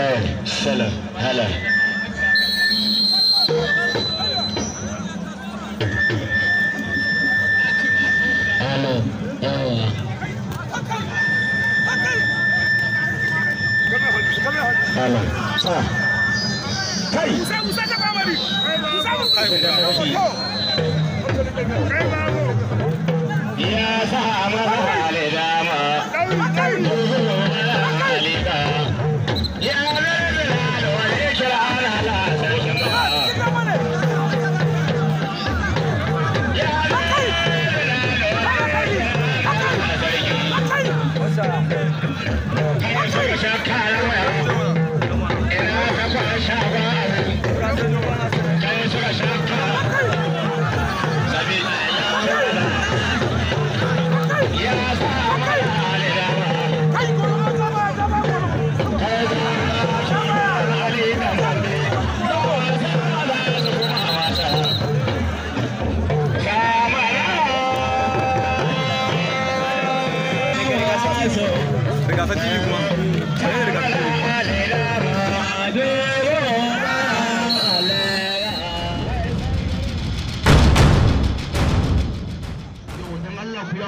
آل سلام هلا هلا يلا هلا صح كي يا سلام الله عليك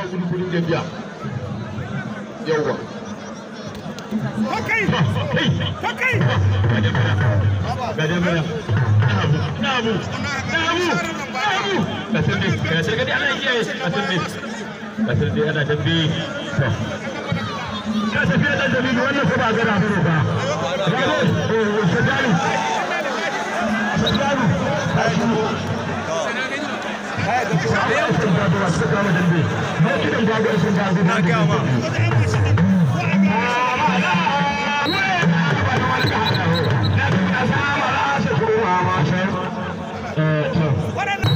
kawo gudu gudun tafiya yawwa Takai! Takai! Gadamara! Nabu! Nabu! Nabu! Kasar ne, kasar ana iyaye, kasar ne. ana Ya tafi wannan ko ba ba. na gama What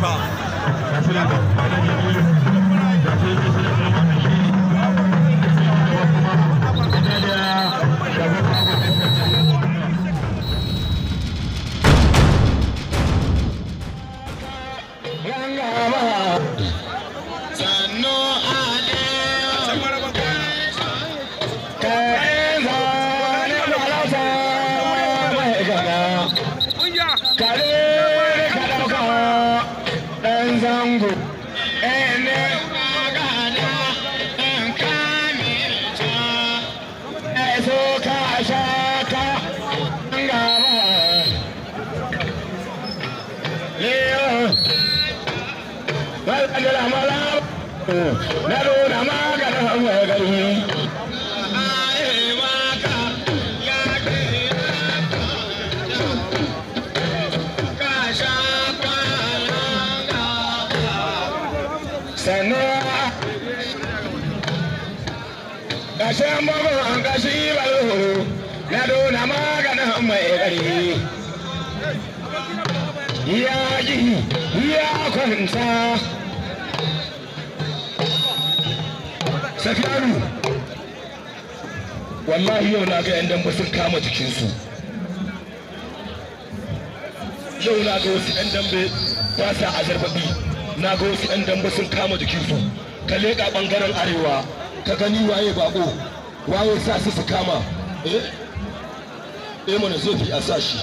Sanno Ade. na nuna maganin mai gari Kashe mugun na nuna gari ya ji ya kwanta safiyanu wallahi yau na ga 'yan dambe sun kama jikinsu yau na ga wasu 'yan dambe ba sa azarbabi na ga wasu 'yan dambe sun kama jikinsu ka leƙa ɓangaren arewa ka gani waye bako waye sa su su kama eh eh mana zofi a sa shi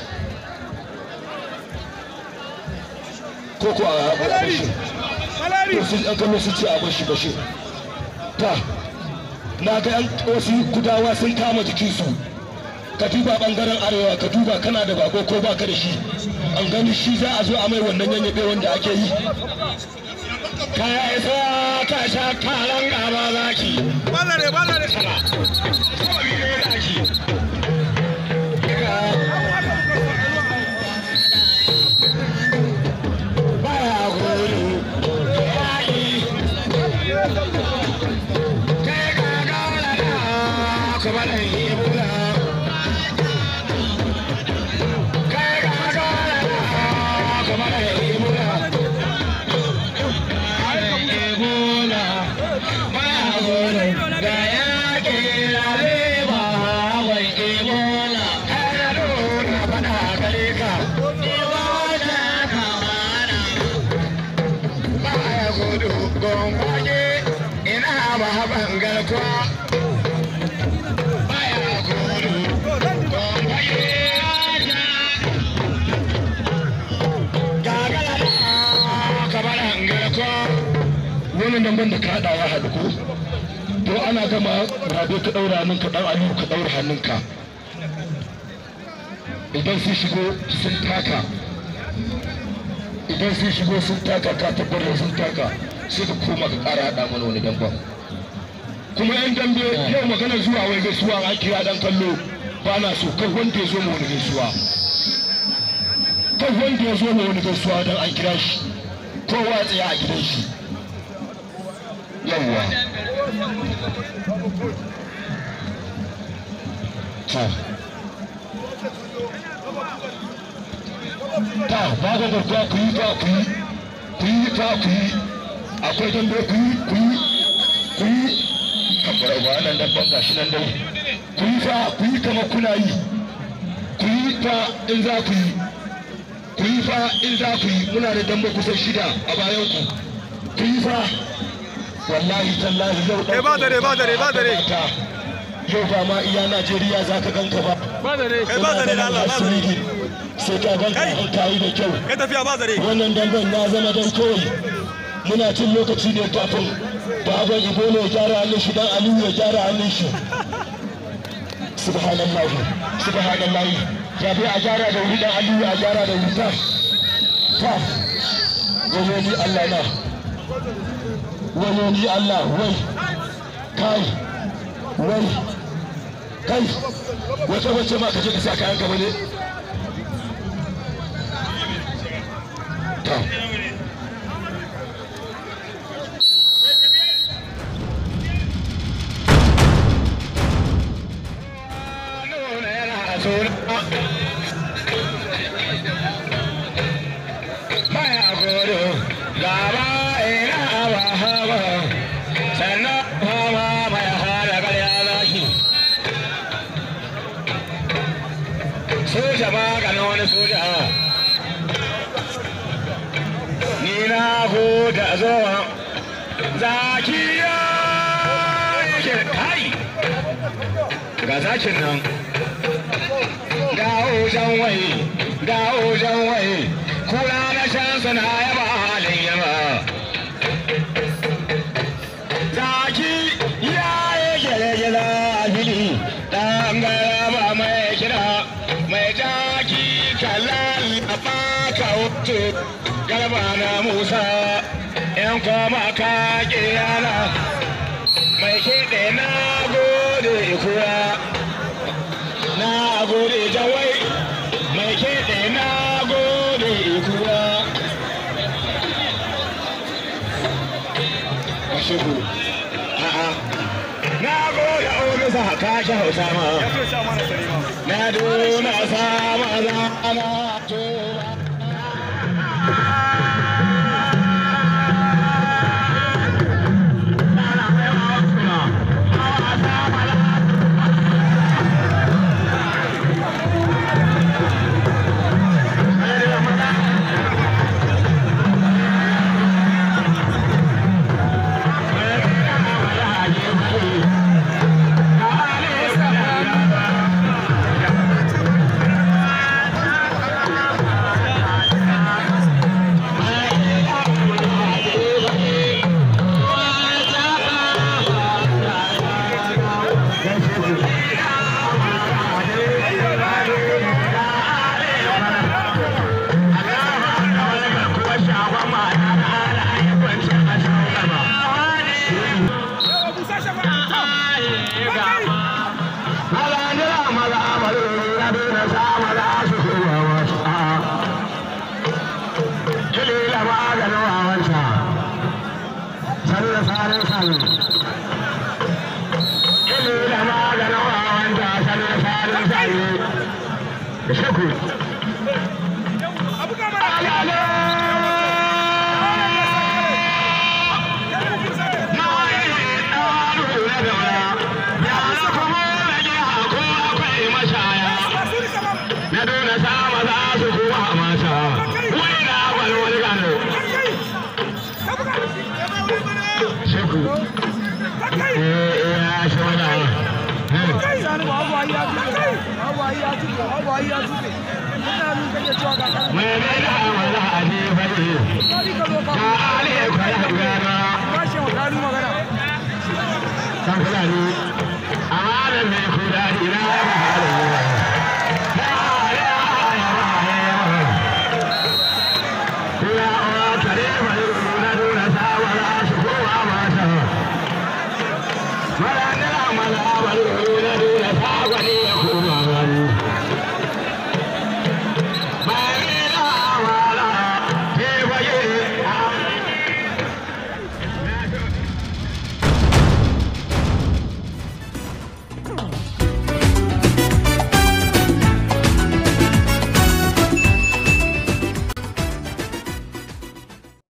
ko ko a bashi to sun ɗan kallo sun ce a bashi bashi ta na ga yan wasu gudawa sun kama jikinsu ka duba bangaren arewa ka duba kana da bako ko baka da shi an gani shi za a zo a mai wannan yanyaɓe wanda ake yi Ka kaya isa ka sha karan gaba zaki ballare ballare sana Oh, nan wanda ka haɗa ya ko to ana gama rabe ka ɗaura nan ka ɗaura aliyu ka ɗaura hannunka idan sun shigo sun taka idan sun shigo sun taka ka tabbatar sun taka sai ka koma ka ƙara haɗa mana wani damban kuma yan dambe yau magana zuwa wai gaisuwa a kira dan kallo ba na so kan wanda ya zo ma wani gaisuwa kan wanda ya zo ma wani gaisuwa don an kira shi kowa tsaya a gidan shi yawwa ta ba ga garkuwa ku yi ta ku yi ku yi ta ku yi akwai dambe ku yi ku yi ku yi kamar ba nan dabban gashi nan dai ku yi fa ku yi kama kuna yi ku yi fa in za ku yi ku yi fa in za ku yi muna da dambe kusan shida a bayan ku ku yi fa wallahi tallahi yau da eh, ba dare ba dare ba dare yau ba ma iya Najeriya za ka ganka ba ba dare kai eh, ba dare Allah ba dare sai ka ganka an tayi da kyau kai tafiya ba dare wannan damben na zama dan koyi muna cin lokaci ne kafin baban Ibolo ya gyara hannun shi dan Aliyu ya gyara hannun shi subhanallah subhanallah ya a gyara da wuri dan Aliyu a gyara da wuri ta ta gobe ni Allah na wayoyi Allah wai kai wai kai wace wace ma ka je ka sa kayan gaba ne zowa zakiya yake kai ga zakin nan dawo jan waye dawo jan waye kura na shan suna yaba halin yaba zaki ya yi gele-gele a ɗan gara mai kira mai jaki kalal a baka wuto garba na musa idan kuma ka kiyana mai kiɗe na gode kuwa na gode jawai mai kiɗe na gode kuwa shigo a'a na gode omisa ka shi hausa ma na duna sama zama halin da ai ya zube mutane kake cewa ga kan